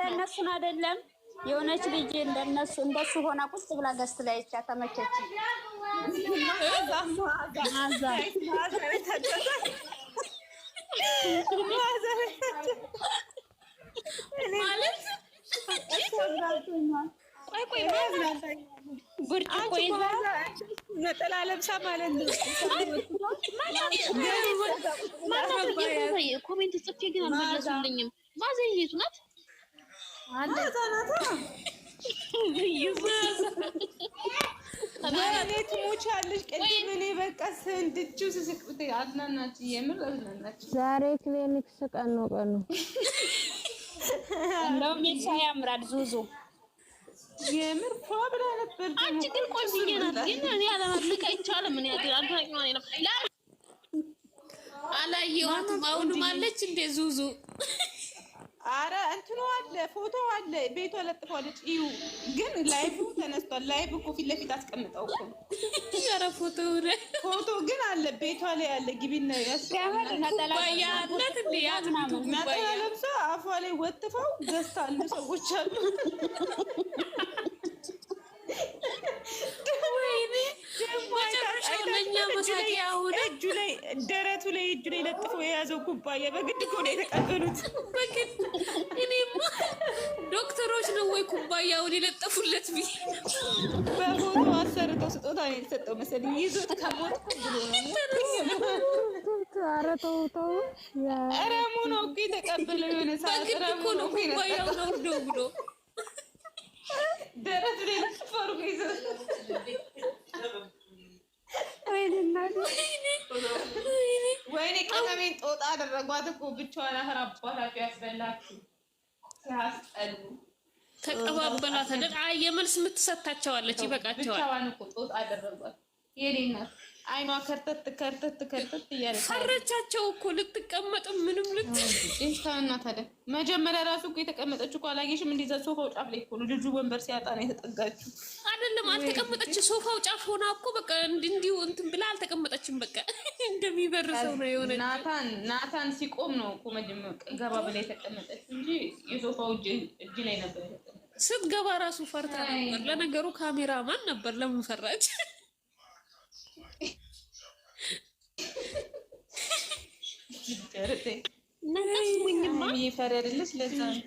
አረ እነሱን አይደለም የሆነች ልጅ እንደነሱ እንደሱ ሆና ቁጭ ብላ ገስት ላይ ብቻ ተመቸች። ነጠላ ለብሳ ማለት ነው። ኮሜንት ጽፌ ግን አልመለሱልኝም። ማዘን የቱ ናት? ማለቱ ሙቻለሽ ቅድም እኔ በቃ ስንድችው ስስቅት አዝናናች፣ የምር አዝናናች። ዛሬ ክሊኒክ ስቀን ነው ቀኑ። እንደውም የሳ ያምራል ዙዙ የምር ብላ ነበር። አንቺ ግን ቆንጅዬ ግን እኔ አለማድነቅ አይቻልም። እኔ አላየኋትም። አሁንም አለች እንደ ዙዙ አረ እንትኖ አለ ፎቶ አለ ቤቱ ለጥፋለች። እዩ ግን ላይቭ ተነስቷል። ላይቭ እኮ ፊት ለፊት አስቀምጠው እኮ ያረ ፎቶ ፎቶ ግን አለ ቤቷ ላይ አለ። ግቢነ ነጠላ ለብሶ አፏ ላይ ወጥፈው ገዝታ አሉ ሰዎች አሉ። ወይኔ እጁ ላይ ደረቱ ላይ እጁ ላይ ለጥፈው የያዘው ኩባያ በግድ እኮ ነው የተቀበሉት። በግድ እኔማ ዶክተሮች ነው ወይ ኩባያውን የለጠፉለት ብዬ በቦታ አሰርተው ስጦታ ነው የተሰጠው መሰለኝ። ይዞት ከሞት አረተውተው ረሙ ነው እኮ የተቀበለው የሆነ ሰዓት ረሙ ነው ኩባያውን አውርደው ብሎ ደረቱ ላይ ለጥፈው ይዘው ወይኔ ቀለሜን ጦጣ አደረጓት እኮ ብቻዋን። አራባታችሁ ያስበላችሁ ሲያስጠሉ ተቀባበሏት። አየመልስ የምትሰታቸዋለች ይበቃቸዋል። ብቻዋን እኮ ጦጣ አደረጓት የኔ እናት አይኗ ከርተት ከርተት ከርተት እያለ ፈረቻቸው እኮ ልትቀመጥ ምንም ልትስታና ታደ መጀመሪያ ራሱ እኮ የተቀመጠች እኮ አላየሽም? እንዲዛ ሶፋው ጫፍ ላይ እኮ ነው ልጁ ወንበር ሲያጣ ነው የተጠጋችሁ። አይደለም አልተቀመጠች፣ ሶፋው ጫፍ ሆና እኮ በቃ እንዲሁ እንትን ብላ አልተቀመጠችም። በቃ እንደሚበርሰው ነው የሆነ ናታን ናታን ሲቆም ነው እኮ መጀመሪያ ገባ ብላ የተቀመጠች እንጂ የሶፋው እጅ ላይ ነበር ስትገባ ራሱ ፈርታ ነበር። ለነገሩ ካሜራማን ነበር። ለምን ፈራች?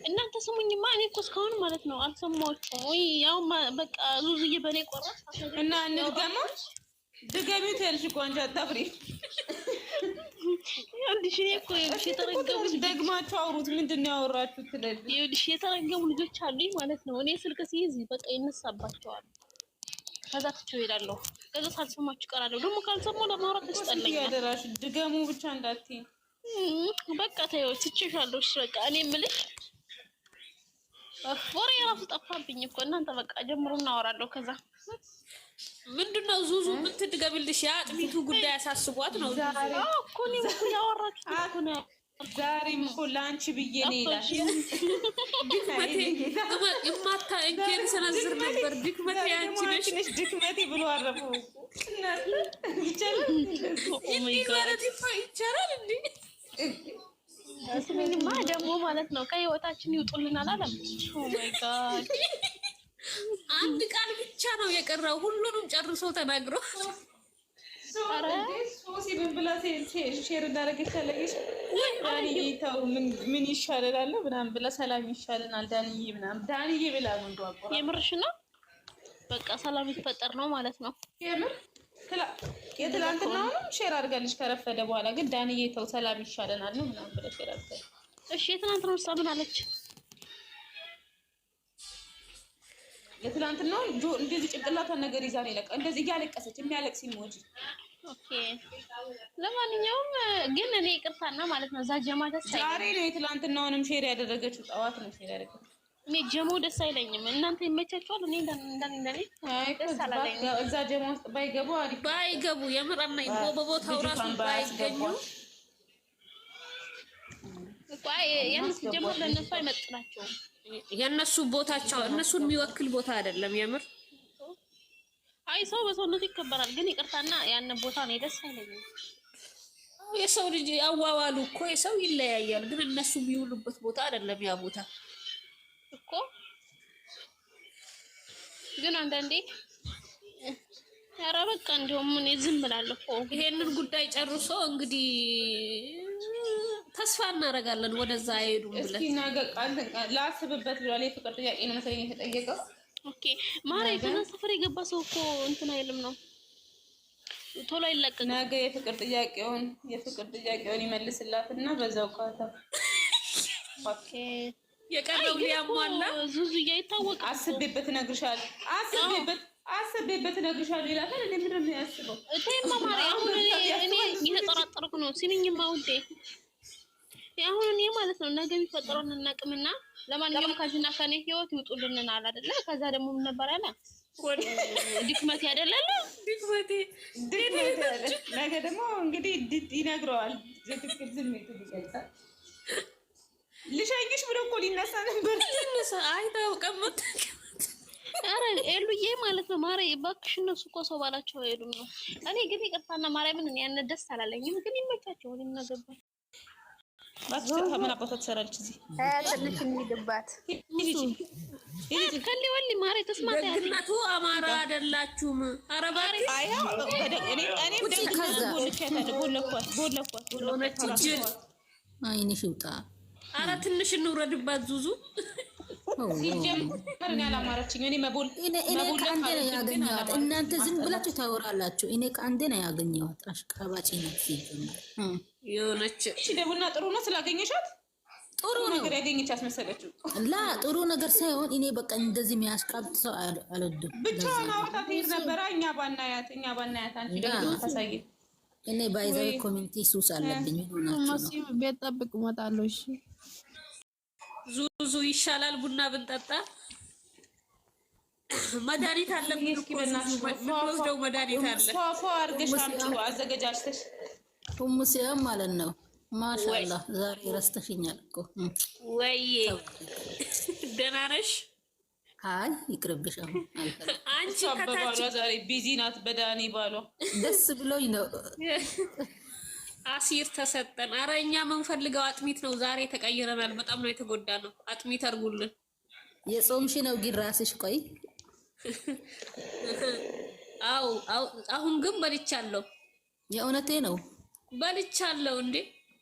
እናንተ ስሙኝማ። እኔ እኮ እስካሁን ማለት ነው አልሰማሁም። ወይ ያው በቃ ሉዝ እየበላ ቆራስ እና እንድገመው ድገሚው ትያለሽ እኮ አንቺ አታፍሪ። ይኸውልሽ እኔ እኮ ይኸውልሽ የተረገሙ ደግማችሁ አውሩት። ምንድን ነው ያወራችሁት? ትለኝ ይኸውልሽ የተረገሙ ልጆች አሉኝ ማለት ነው። እኔ ስልክ ሲይዝ በቃ ይነሳባቸዋል። ከዛ ትቼው እሄዳለሁ። ከዛ ሳልሰማችሁ እቀራለሁ። ደግሞ ካልሰማሁ ለማውራት ያስጠላኛል። ድገሙ ብቻ እንዳትዪ በቃ ተይው፣ ትቼሻለሁ። እሺ በቃ እኔ የምልሽ ወሬ የራሱ ጠፋብኝ እኮ እናንተ በቃ ጀምሮ እናወራለሁ። ከዛ ምንድን ዙዙ የምትድገምልሽ? የአጥሚቱ ጉዳይ ያሳስቧት ነው እኮ እኮ ነው። ዛሬም እኮ ለአንቺ ብዬ ነው ይላል። እማታ እንኬን ሰነዝር ነበር። ድክመቴ አንቺ ነሽ ድክመቴ ብሎ አረፈው። ይቻላል እንዴ? ስሚኝማ ደግሞ ማለት ነው ከህይወታችን ይውጡልን አላለም። አንድ ቃል ብቻ ነው የቀረው፣ ሁሉንም ጨርሶ ተናግሮ ሼር ምን ይሻልላለሁ ምናምን ብላ ሰላም ይሻልናል ዳንዬ ምናምን ዳንዬ ብላ ነው። የምርሽ ነው። በቃ ሰላም ይፈጠር ነው ማለት ነው የምር የትላንትና አሁንም ሼር አድርጋለች። ከረፈደ በኋላ ግን ዳንዬ ተው ሰላም ይሻለናል ነው ምናምን ብለሽ ሼር አድርጋለች። እሺ የትናንትና ውስጥ ምን አለች? የትላንትና እንደዚህ ጭንቅላቷን ነገር ይዛ ነው የለቀ እንደዚህ እያለቀሰች የሚያለቅስ ሲሞጂ ኦኬ ለማንኛውም ግን እኔ ይቅርታና ማለት ነው እዛ ተሳይ ዛሬ ነው የትላንትናውንም ሼር ያደረገችው ጠዋት ነው ሼር ያደረገችው እኔ ጀሞ ደስ አይለኝም። እናንተ ይመቻችኋል? እኔ እንደኔ እንደኔ ደስ አላለኝም። እዛ ጀሞ ውስጥ ባይገቡ አሪፍ ባይገቡ የምር አማኝ በቦታው ራሱ ባይገኙ እኮ የምር ለእነሱ አይመጥናቸውም። የእነሱ ቦታቸው እነሱን የሚወክል ቦታ አይደለም። የምር አይ ሰው በሰውነቱ ይከበራል። ግን ይቅርታና ያንን ቦታ ነው ደስ አይለኝም። የሰው ልጅ አዋዋሉ እኮ የሰው ይለያያል። ግን እነሱ የሚውሉበት ቦታ አይደለም ያ ቦታ ግን አንዳንዴ ኧረ በቃ እንደውም እኔ ዝም ብላለሁ እኮ ይሄንን ጉዳይ ጨርሶ እንግዲህ ተስፋ እናደርጋለን ወደዛ አይሄዱም ብለን እስኪ ነገ ላስብበት ብሏል። የፍቅር ጥያቄ ነው መሰለኝ የተጠየቀው። ኦኬ ማርያም ከና ሰፈር የገባ ሰው እኮ እንትን አይልም ነው ቶሎ ይለቀቅ። ነገ የፍቅር ጥያቄውን የፍቅር ጥያቄውን ይመልስላትና በዛው ቃታ ኦኬ የቀረው ሊያሟላ ዙዙዬ ይታወቃል። አስቤበት እነግርሻለሁ። አስቤበት አስቤበት እነግርሻለሁ ይላታል። እኔ ምንድን ነው የሚያስበው? እቴማ ማርያም እኔ እየተጠራጠርኩ ነው ሲልኝማ ውዴ አሁን እኔ ማለት ነው ነገ የሚፈጠረውን እናቅምና ለማንኛውም ከዚህና ከኔ ህይወት ይውጡልንን አለ አይደለ? ከዛ ደግሞ ምን ነበር አለ ድክመቴ አይደለለ ድክመቴ ነገ ደግሞ እንግዲህ ይነግረዋል። ትክክል ዝሜቱ ይገልጻል ልሸኝሽ ብሎ እኮ ሊነሳ ነበር። ኧረ ኤሉዬ ማለት ነው ማርያም እባክሽ፣ እነሱ እኮ ሰው ባላቸው አይሄዱም ነው። እኔ ግን ይቅርታና ማርያምን ያን ደስ አላለኝም፣ ግን ይመቻቸው። እኔ ምን አገባኝ? ምን አባቷ ትሰራለች እዚህ ትንሽ የሚግባት ከሊ ወሊ ማሬ ተስማግነቱ አማራ አይደላችሁም። አረባሬ ኧረ ትንሽ እንውረድባት ዙዙ። ሲጀምር እናንተ ዝም ብላችሁ ታወራላችሁ። እኔ ከአንዴ ነው ያገኘኋት። አሽቃባጭ ናት። የሆነች ደቡና ጥሩ ነው ስላገኘሻት ጥሩ ነገር ያገኘች አስመሰለችው። ላ ጥሩ ነገር ሳይሆን እኔ በቃ እንደዚህ የሚያስቃብጥ ሰው አልወድም። ብቻ ማውጣት ትሄድ ነበረ። እኛ ባናያት እኛ ባናያት አንቺ ደግሞ ታሳየ። እኔ ባይዘ ኮሚኒቲ ሱስ አለብኝ። ቤት ጠብቅ እመጣለሁ። እሺ ዙዙ ይሻላል ቡና ብንጠጣ። መድኃኒት አለብን እኮ መድኃኒት አለ። ፏፏ አድርገሽ አምጪው አዘገጃጅተሽ ማለት ነው። ማሻላ ዛሬ ረስተሽኛል እኮ ወይ ደህና ነሽ? አይ ይቅርብሽ። አንቺ ከታች ዛሬ ቢዚ ናት። በዳኒ ባሏ ደስ ብሎኝ ነው አሲር ተሰጠን። አረ እኛ የምንፈልገው አጥሚት ነው። ዛሬ ተቀይረናል። በጣም ነው የተጎዳ ነው። አጥሚት አድርጉልን። የጾምሽ ነው ግን ራስሽ ቆይ። አው አሁን ግን በልቻለሁ። የእውነቴ ነው በልቻለሁ። እንዴ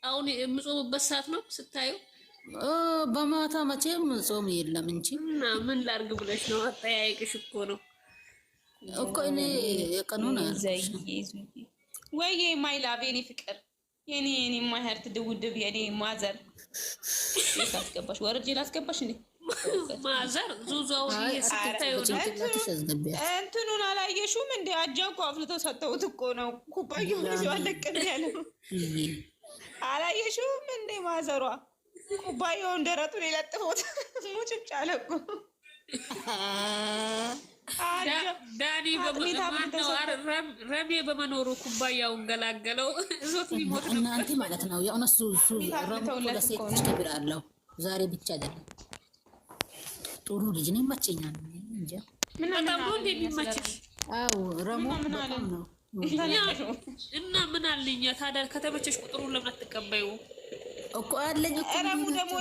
አሁን የምጾምበት ሰዓት ነው ስታዩ። በማታ መቼም ጾም የለም እንጂ እና ምን ላርግ ብለሽ ነው? አጠያየቅሽ እኮ ነው እኮ እኔ የቀኑን ወይ ማይ ላቭ የኔ ፍቅር የኔ የኔ ማህርት ድውድብ የኔ ማዘር ላስገባሽ፣ ወርጄ ላስገባሽ። እንዴ ማዘር ዙዛው እንትኑን አላየሽውም እንዴ? አጃኮ አፍልቶ ሰጠውት እኮ ነው። ኩባዩ ብዙ አለቅም ያለ አላየሽውም እንዴ? ማዘሯ ኩባያውን ደረቱን የለጥፎት ሙጭጭ አለ እኮ ዳኒ ረሜ በመኖሩ ኩባያውን ገላገለው። እዞት ሊሞት ነው እናንተ ማለት ነው። ያው እሱ ለሴቶች ክብር አለው። ዛሬ ብቻ አይደለም። ጥሩ ልጅ ነው፣ ይመቸኛል። እንጃ ምን አታምሩ እና ምን አለኛ ታዲያ ከተመቸሽ ቁጥሩን ለምን አትቀበይው? እኮ አለኝ እኮ ረቡ ደግሞ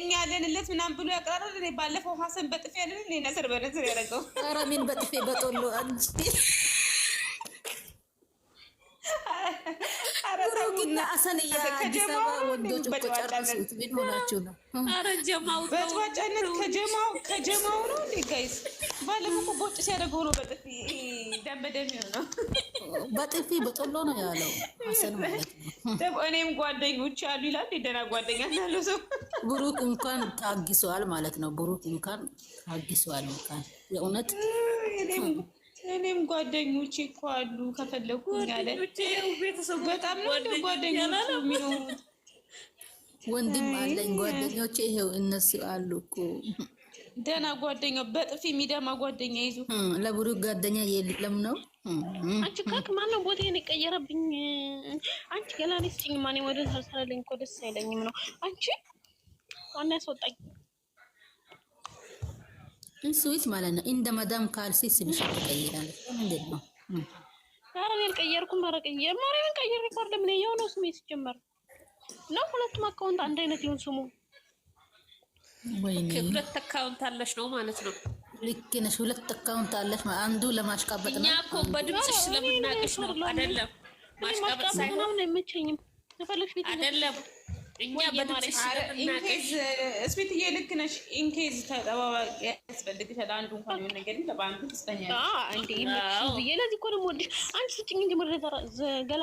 እኛ ያለንለት ምናምን ብሎ ያቀራረል። እኔ ባለፈው ሀሰን በጥፌ ያለን እኔ ነስር በነስር ያደረገው ረሚን በጥፌ በጦሎ አንቺ ሮጊና አሰንያ አዲስ አበባ ነው? ከጀማው ነው ጋይስ? ባለፈው ቦጭ ሲያደርገው ነው በጥፌ በጥፊ በጥሎ ነው ያለው። ሀሰን ማለት ነው። እኔም ጓደኞች አሉ ይላል። ደህና ጓደኛ ያለው ሰው ብሩክ እንኳን ታግሷል ማለት ነው። ብሩክ እንኳን ታግሷል። እንኳን የእውነት እኔም ጓደኞቼ እኮ አሉ ከፈለጉ ያለ በጣም ነው የሚኖሩት ወንድም አለኝ ጓደኞቼ ይሄው እነሱ አሉ እኮ ደህና ጓደኛው በጥፊ የሚደማ ጓደኛ ይዞ ለቡሩ ጓደኛ የለም ነው። አንቺ ካክ ማነው ቦታዬን የቀየረብኝ? አንቺ ገላኔ ስጭኝ። ማን ወደ ሳልሰለኝ እኮ ደስ አይለኝም ነው። አንቺ ዋና ያስወጣኝ እንስዊት ማለት ነው። እንደ መዳም ካልሲ ስብሽ ተቀይራለች። ምንድን ነው? ኧረ እኔ አልቀየርኩም። ኧረ ቀየር ማርያምን ቀይር። ሪኮርድ ምን የሆነው ስሜ ሲጀመር ነው። ሁለቱም አካውንት አንድ አይነት ይሁን ስሙ ሁለት አካውንት አለሽ ነው ማለት ነው። ልክ ነሽ። ሁለት አካውንት አለሽ። አንዱ ለማሽቃበጥ ነው። እኛ እኮ በድምፅሽ ስለምናቅሽ ነው። አይደለም ማሽቃበጥ ሳይሆን አይመቸኝም። አይደለም እኛ በድምፅሽ ስለምናቅሽ። እስቤትዬ ልክ ነሽ። ኢንኬዝ ተጠባባቂ ያስፈልግሻል። አንዱ እንኳን የሆነ ነገር በአንዱ ትስተኛለሽ። ለዚህ እኮ ደግሞ አንቺ ስጭኝ እንጂ ገላ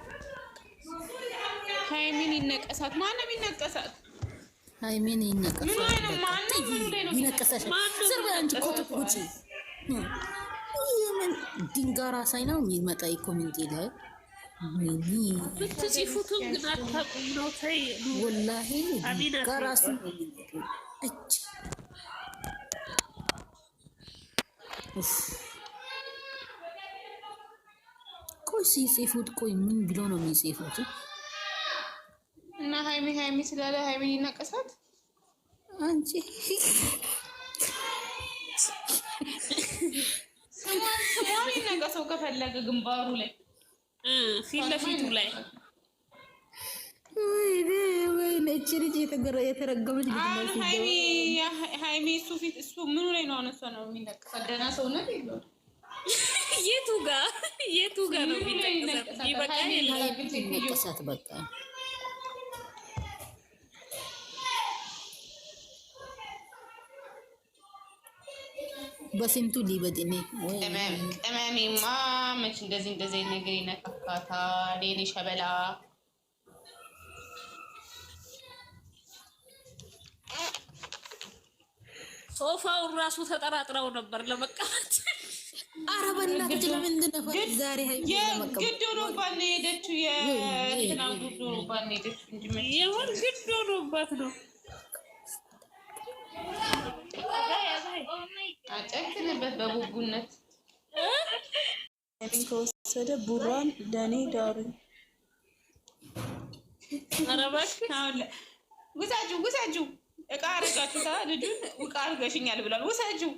ሀይሚን ይነቀሳት። ማንም ይነቀሳት። ሀይሚን ይነቀሳት። ምን ድንጋራ ሳይ ነው የሚመጣ ኮሚኒቲ ላይ ቆይ ሲጽፉት ቆይ ምን ብሎ ነው የሚጽፉት? እና ሀይሚ ሀይሚ ስላለ ሀይሚ ይነቀሳት አንቺ ስሟን ስሟን ይነቀሰው ከፈለገ ግንባሩ ላይ ፊት ለፊቱ ላይ ሀይሚ እሱ ፊት እሱ ምኑ ላይ ነው? አነሷ ነው የሚነቀሳት። ደህና ሰውነት የለውም። የቱ ጋ የቱ ጋ ነው የሚነቀሳት? በቃ በስንቱ ሊበድ እኔ ቅመሜማ መች እንደዚህ እንደዚህ ነገር ይነካካታል። ሸበላ ሶፋውን ራሱ ተጠራጥረው ነበር ለመቀመጥ። ኧረ በእናትሽ ለምንድን ነው ዛሬ ግድ ሆኖባት ነው የሄደችው? የእንትና ሆኖባት ነው የሄደችው ግድ ሆኖባት ነው አጨክንበት በጉጉነት እኔን ከወሰደ ቡሯን ለእኔ ዳሩ ኧረ እባክህ ውሰጂው ውሰጂው እቃ አረጋችሁታ ልጁን እቃ አርገሽኛል ብሏል ውሰጂው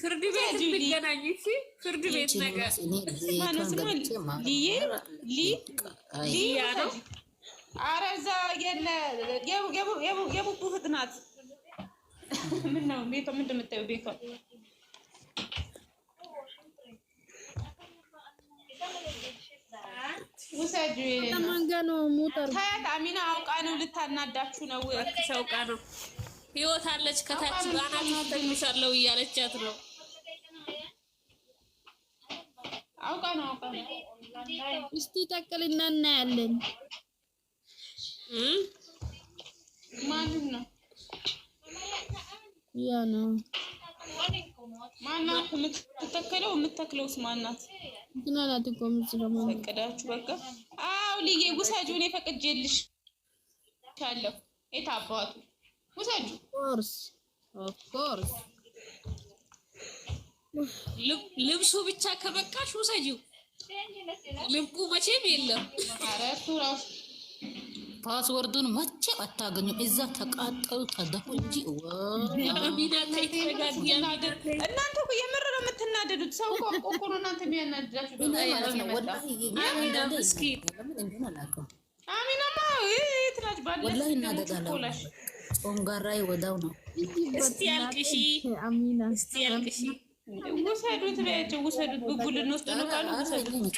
ፍርድ ቤት ብገናኝ እሺ ፍርድ ቤት ነገር ማነው ስሟ ልዬ ሊ ሊ ኧረ እዛ የለ የቡቡ እህት ናት ምነው ቤቷ ምንድን የምታየው? ቤቷ አሚና አውቃ ነው ልታናዳችሁ ነው። አውቃ ነው ህይወት አለች ከታች እያለቻት ነው። አውቃ ነው አውቃ ነው። እስቲ ጠቅልና እናያለን። ማንም ነው ያ ነው ማናት? የምትተከለው የምትተክለውስ ማናት? እንትን አላት እኮ ፈቅዳችሁ በቃ አዎ። ልዬ ውሰጁ፣ እኔ ፈቅጄልሽ አለሁ። የት አባቱ ውሰጁ። ኦፍኮርስ ኦፍኮርስ፣ ልብሱ ብቻ ከበቃሽ ውሰጂው። ልቡ መቼም የለም። ኧረ እሱ ፓስወርዱን መቼ አታገኙ። እዛ ተቃጠሉ ተደፉ እንጂ እናንተ የምር ነው የምትናደዱት። ሰው ቆቆ እናንተ የሚያናድዳችሁ። አሚናማ ወዳው ነው። እስቲ ውሰዱት በያቸው፣ ውሰዱት ብጉልን ውስጥ ነው ካሉ ውሰዱት።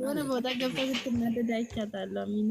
የሆነ ቦታ ገብታ ስትናደድ አይቻታለሁ አሚና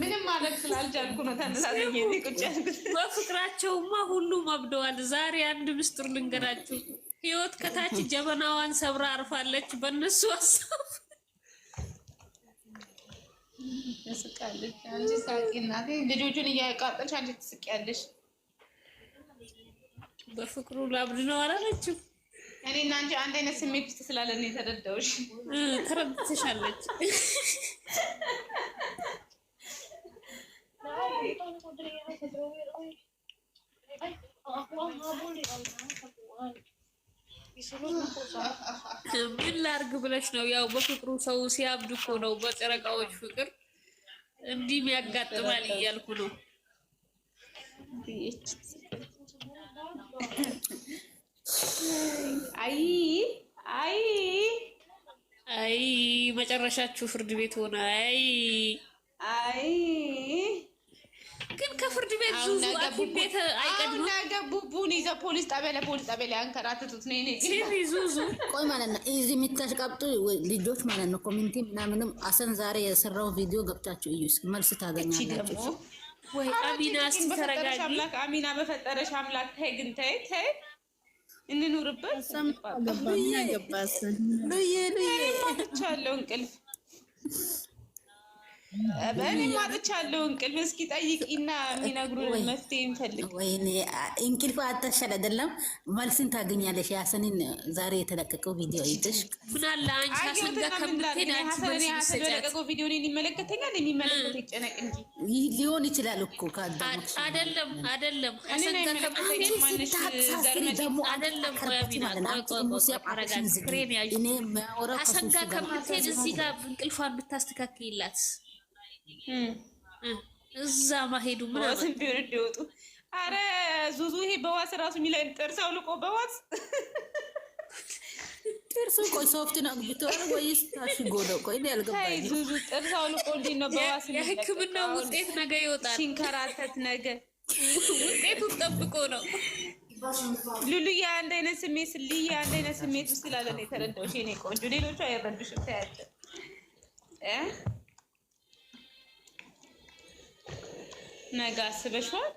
ምንም ማድረግ ስላልቻልኩ ነው ቁጭ በፍቅራቸውማ ሁሉም አብደዋል። ዛሬ አንድ ምስጢር ልንገራችሁ። ህይወት ከታች ጀበናዋን ሰብራ አርፋለች። በእነሱ ሀሳብ ትስቃለች። አንቺ ሳቂ እናቴ፣ ልጆቹን እያቃጠልሽ አንቺ ትስቂያለሽ። በፍቅሩ ላብድ ነው አላለችም። እኔ እና አንቺ አንድ አይነት ስሜት ውስጥ ስላለን የተረዳሁሽ ተረድተሻለች። ምን ላርግ ብለሽ ነው? ያው በፍቅሩ ሰው ሲያብድ እኮ ነው። በጨረቃዎች ፍቅር እንዲህም ያጋጥማል እያልኩ ነው። አይ አይ አይ መጨረሻችሁ ፍርድ ቤት ሆነ። አይ አይ ግን ከፍርድ ቤት ዙዙ አኪም ቤት አይቀድም። ነገ ቡቡን ይዘህ ፖሊስ ጣቢያ ለፖሊስ ጣቢያ ላይ አንከራትቱት ነኝ እኔ ዙዙ ቆይ ማለት ነው እዚህ የሚታሽቃብጡ ልጆች ማለት ነው። ኮሚኒቲ ምናምንም አሰን ዛሬ የሰራው ቪዲዮ ገብታችሁ እዩ፣ መልስ ታገኛላችሁ። ወይ አሚና ስተረጋጊ አሚና በፈጠረሽ አምላክ ተይ ግን ተይ ተይ እንኑርበት ሰምቻለሁ እንቅልፍ በእኔ ማጥቻለሁ እንቅልፍ። እስኪ ጠይቂና የሚነግሩን መፍትሄ እንፈልግ። ወይኔ እንቅልፍ አታሻል አይደለም፣ መልስን ታገኛለሽ። ያሰንን ዛሬ የተለቀቀው ቪዲዮ ይጥሽ ምናለ አንቺ ሀሰን ጋር ከምትሄድ ሀሰን የለቀቀው ቪዲዮ እኔን ይመለከተኛል። የሚመለከት ይጨነቅ እንጂ ይህ ሊሆን ይችላል እኮ ከአዳሞች አደለም፣ አደለም ሀሰን ጋር ከምትሄድ ደግሞ አደለም ክሬን ሀሰን ጋር ከምትሄድ እዚህ ጋር እንቅልፏን እዛ ማሄዱ ምናምን ቢሆን እንዲወጡ። አረ ዙዙ ይሄ በዋስ ራሱ የሚለን ጥርሰው ልቆ በዋስ ጥርሱ ቆይ ሶፍት ነው ብትሆን ወይስ ታሽጎ ነው? ቆይ ያልገባኝ ዙዙ ጥርሳው ልቆ እንዲህ ነው በዋስ የሕክምና ውጤት ነገ ይወጣል። ሲንከራተት ነገ ውጤቱ ጠብቆ ነው። ሉሉ የአንድ አይነት ስሜት ስልይ የአንድ አይነት ስሜት ስላለ ነው የተረዳሁሽ የእኔ ቆንጆ። ሌሎቹ አይረዱሽም። ታያቸው ነገ አስበሽዋል?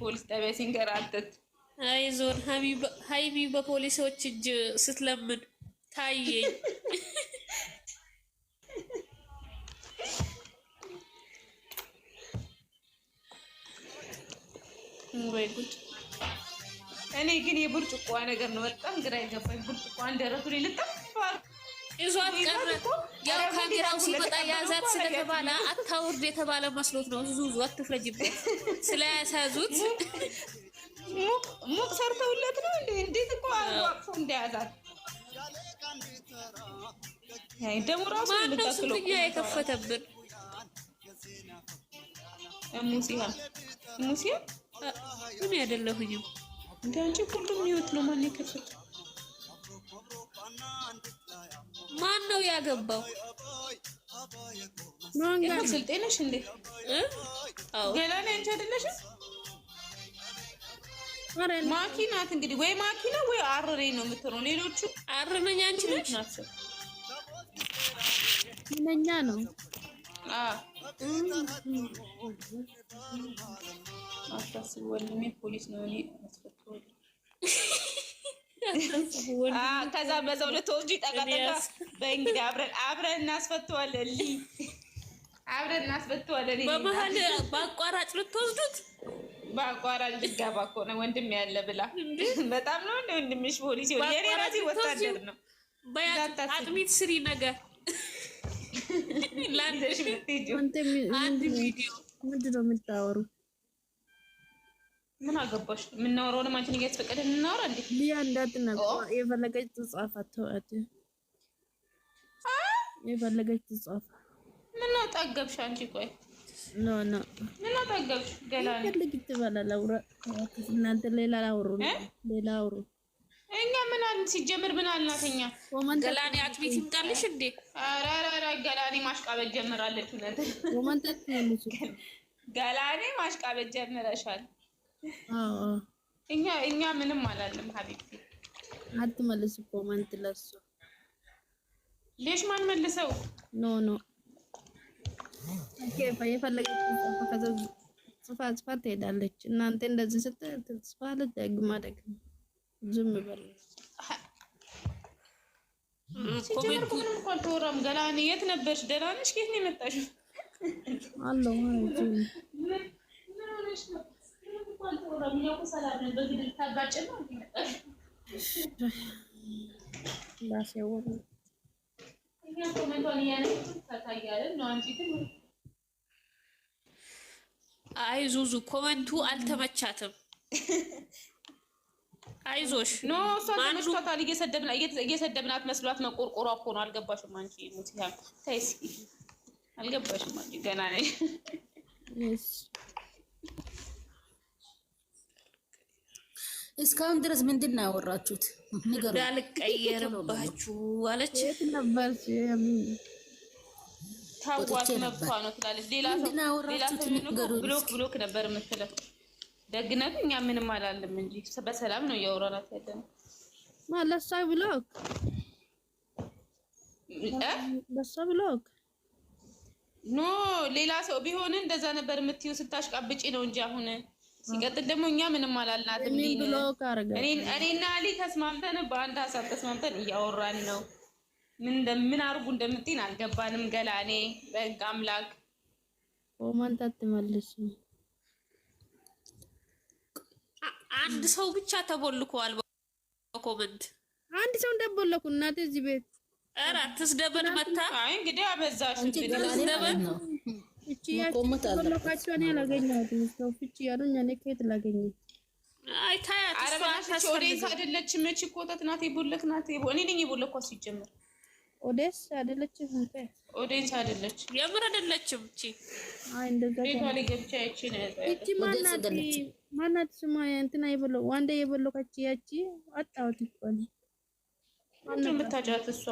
ፖሊስ ጣቢያ ሲንከራተት አይዞን ሀይቢ በፖሊሶች እጅ ስትለምን ታየኝ። ወይ ጉድ! እኔ ግን የብርጭቋ ነገር ነው በጣም ግራ የገባኝ። ብርጭቋ እንደረቱ ላይ ልጠፋ ይዟት ቀረ። ያው ካሜራው ያዛት ስለተባለ አታውርድ የተባለ መስሎት ነው። ዙዙ አትፍረጅበት። ስለያሳዙት ሙቅ ሰርተውለት ነው። እንዴት እኮ እንደያዛት የከፈተብን ሙሲያ ሙሲያ ምን ያደለሁኝም እንዳንቺ ሁሉም ህይወት ነው ማን የከፈተው ማን ነው ያገባው? ስልጤ ነሽ እንዴ? ሌላ አንቺ አይደለሽም። ማኪ ናት እንግዲህ ወይ ማኪ ነው ወይ አርሬ ነው የምትሆነው። ሌሎቹ አርነኛ አንቺ ነሽ ነው አታስብ። ወንድሜ ፖሊስ ነው እኔ ከዛ በዛው ልትወስጂ ጠቃጠቃ በእንግዲህ አብረን አብረን እናስፈተዋለን አብረን እናስፈተዋለን። በመሀል በአቋራጭ ልትወስዱት በአቋራጭ ልትጋባ እኮ ነው ወንድም ያለ ብላ በጣም ነው እንደ ወንድምሽ ፖሊስ የኔ ራሴ ወታደር ነው። አጥሚት ስሪ ነገር ለአንድ አንድ ቪዲዮ ምንድን ነው የምታወሩ? ምን አገባሽ? የምናወራውንም አንቺን እያስፈቀደን እናወራ እንዴ? ሊያ እንዳትነቁ የፈለገች ትጻፍ፣ አትወድ የፈለገች ትጻፍ። ምን አጠገብሽ አንቺ? ቆይ ኖ ኖ፣ ምን አጠገብሽ? ገላ ፈልግ ትበላል። አውራ እናንተ ሌላ ላውሩ ሌላ አውሩ። እኛ ምን አልን ሲጀምር? ምን አልናት እኛ? ገላኔ አትቤት ይምጣልሽ እንዴ? ኧረ ኧረ ገላኔ ማሽቃበጥ ጀምራለች። ሁለት ወመንተት ነው ገላኔ ማሽቃበጥ ጀምረሻል። እኛ እኛ ምንም አላለም። ሀቢብቲ አትመልስ ኮመንት ለሱ ሌሽ ማን መልሰው ኖ ኖ ኦኬ የፈለገች ጽፋ ጽፋ ትሄዳለች። እናንተ እንደዚህ ስትል ጽፋ ደግማ ደግማ ዝም በል ሲጀምር ኮንም ኮንቶራም ገላኔ የት ነበርሽ? ደህና ነሽ? ከየት ነው የመጣሽው? አለው ምን ምን ሆነሽ ነው አይ ዙዙ ኮመንቱ አልተመቻትም። አይዞሽ ኖ እሷ ተመችቷታል። እየሰደብናት መስሏት ነው። እኮ ነው። አልገባሽም አንቺ ሙት ተይ፣ እስኪ አልገባሽም አንቺ ገና ነኝ እስካሁን ድረስ ምንድን ነው ያወራችሁት? እንዳልቀየርባችሁ አለች። ታዋት መብቷ ነው ትላለች። ሌላ ብሎክ ብሎክ ነበር የምትለው ደግነቱ፣ እኛ ምንም አላለም እንጂ በሰላም ነው እያወራናት ያለ ነው። ብሎክ ለእሷ ብሎክ ኖ ሌላ ሰው ቢሆን እንደዛ ነበር የምትይው ስታሽቃብጪ ነው እንጂ አሁን ሲቀጥል ደግሞ እኛ ምንም አላልናትም። እኔና አሊ ተስማምተን በአንድ ሀሳብ ተስማምተን እያወራን ነው። ምን አርጉ እንደምትይን አልገባንም። ገላኔ በህግ አምላክ ቆማን ታትመልስ አንድ ሰው ብቻ ተቦልኮዋል። በኮመንት አንድ ሰው እንደቦለኩ እናቴ እዚህ ቤት ኧረ አትስደበን መታ እንግዲህ አበዛሽ ትስደበን ስደበን እቺ ያቺን ያላገኘኋትም ሰው ፍቺ ያሉኝ እኔ ከየት ላገኘው? አይ ታያት እሷ ኦዴስ አይደለችም። መች ኮተት ናት፣ የቦለክ ናት። እኔ ነኝ የቦለኳት ሲጀምር ኦዴስ አይደለችም። ኦዴስ አይደለችም፣ የምር አይደለችም። እቺ አይ እንደዛ ላይ ገብቼ አይቼ ነው። እቺ ማናት ማናት? ስማ እንትና የበሎ ዋንዳ የበሎካች ያቺ አጣሁት እኮ ነው። ነው የምታጫት እሷ?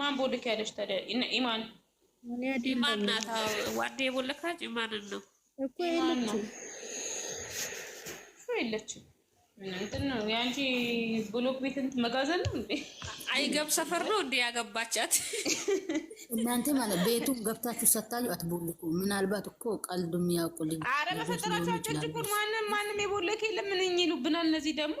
ማን ቦልክ ያለች ታዲያ ኢማን ማናት? ዋና ማንን ነው እኮ የለችም የለችም። ነው የአንቺ ብሎክ ቤት እንትን መጋዘን ነው እንዴ? አይገብ ሰፈር ነው እንዴ ያገባቻት? እናንተ ማለት ቤቱን ገብታችሁ ሰታዩ አትቦልኩ። ምናልባት እኮ ቀልድ የሚያውቁ ልጅ አረ በፈጠራቸው ጭጭቁን ማንም ማንም የቦለክ የለምን ይሉብናል። እነዚህ ደግሞ